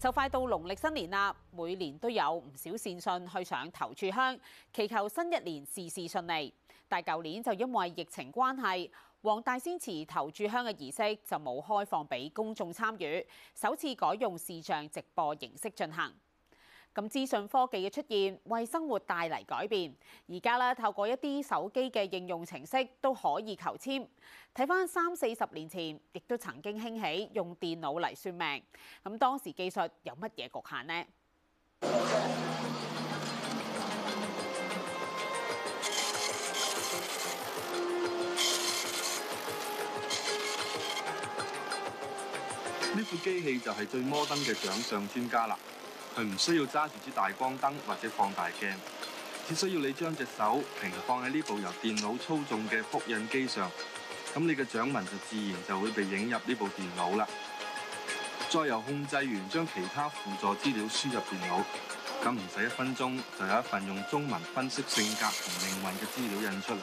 就快到農曆新年啦，每年都有唔少善信去上頭柱香，祈求新一年事事順利。但係舊年就因為疫情關係，黃大仙祠頭柱香嘅儀式就冇開放俾公眾參與，首次改用視像直播形式進行。咁資訊科技嘅出現為生活帶嚟改變，而家咧透過一啲手機嘅應用程式都可以求籤。睇返三四十年前，亦都曾經興起用電腦嚟算命。咁當時技術有乜嘢局限呢？呢部機器就係最摩登嘅掌上專家啦。佢唔需要揸住支大光燈或者放大鏡，只需要你將隻手平放喺呢部由電腦操縱嘅複印機上，咁你嘅掌紋就自然就會被影入呢部電腦啦。再由控制員將其他輔助資料輸入電腦，咁唔使一分鐘就有一份用中文分析性格同命運嘅資料印出嚟。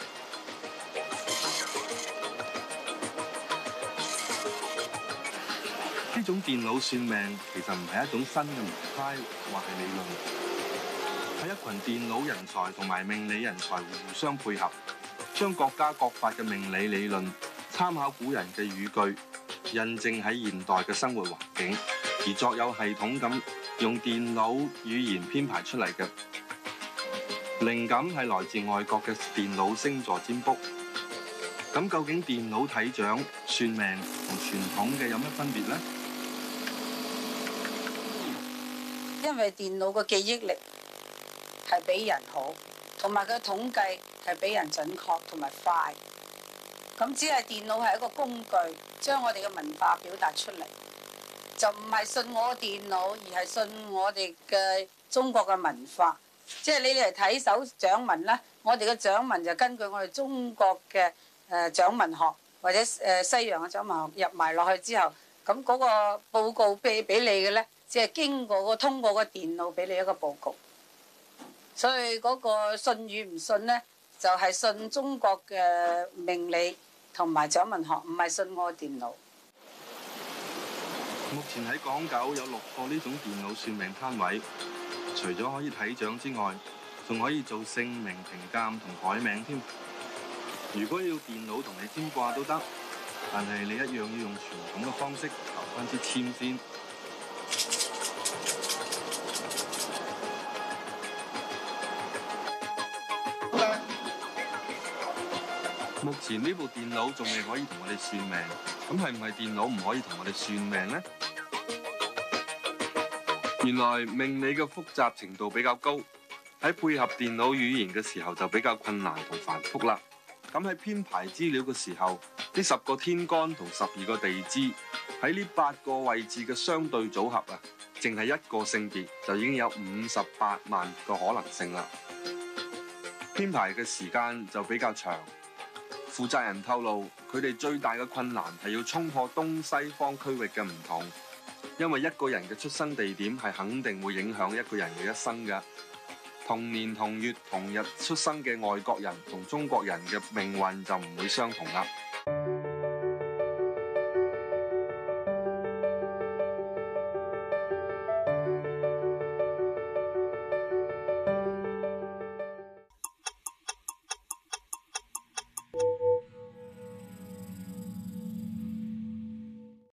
呢種電腦算命其實唔係一種新嘅模態或係理論，係一群電腦人才同埋命理人才互相配合，將各家各派嘅命理理論參考古人嘅語句，印證喺現代嘅生活環境，而作有系統咁用電腦語言編排出嚟嘅。靈感係來自外國嘅電腦星座占卜。咁究竟電腦睇掌算命同傳統嘅有乜分別呢？因為電腦嘅記憶力係比人好，同埋佢統計係比人準確同埋快。咁只係電腦係一個工具，將我哋嘅文化表達出嚟，就唔係信我電腦，而係信我哋嘅中國嘅文化。即係你哋嚟睇手掌文啦，我哋嘅掌文就根據我哋中國嘅誒掌文學或者誒西洋嘅掌文學入埋落去之後，咁嗰個報告俾俾你嘅呢。即係經過個通過個電腦俾你一個佈局，所以嗰個信與唔信呢，就係信中國嘅命理同埋掌文學，唔係信我的電腦。目前喺港九有六個呢種電腦算命攤位，除咗可以睇掌之外，仲可以做姓名評鑑同改名添。如果要電腦同你簽卦都得，但係你一樣要用傳統嘅方式求翻支簽先。目前呢部電腦仲未可以同我哋算命，咁係唔係電腦唔可以同我哋算命呢？原來命理嘅複雜程度比較高，喺配合電腦語言嘅時候就比較困難同繁複啦。咁喺編排資料嘅時候，呢十個天干同十二個地支喺呢八個位置嘅相對組合啊，淨係一個性別就已經有五十八萬個可能性啦。編排嘅時間就比較長。負責人透露，佢哋最大嘅困難係要衝破東西方區域嘅唔同，因為一個人嘅出生地點係肯定會影響一個人嘅一生㗎。同年同月同日出生嘅外國人同中國人嘅命運就唔會相同啦。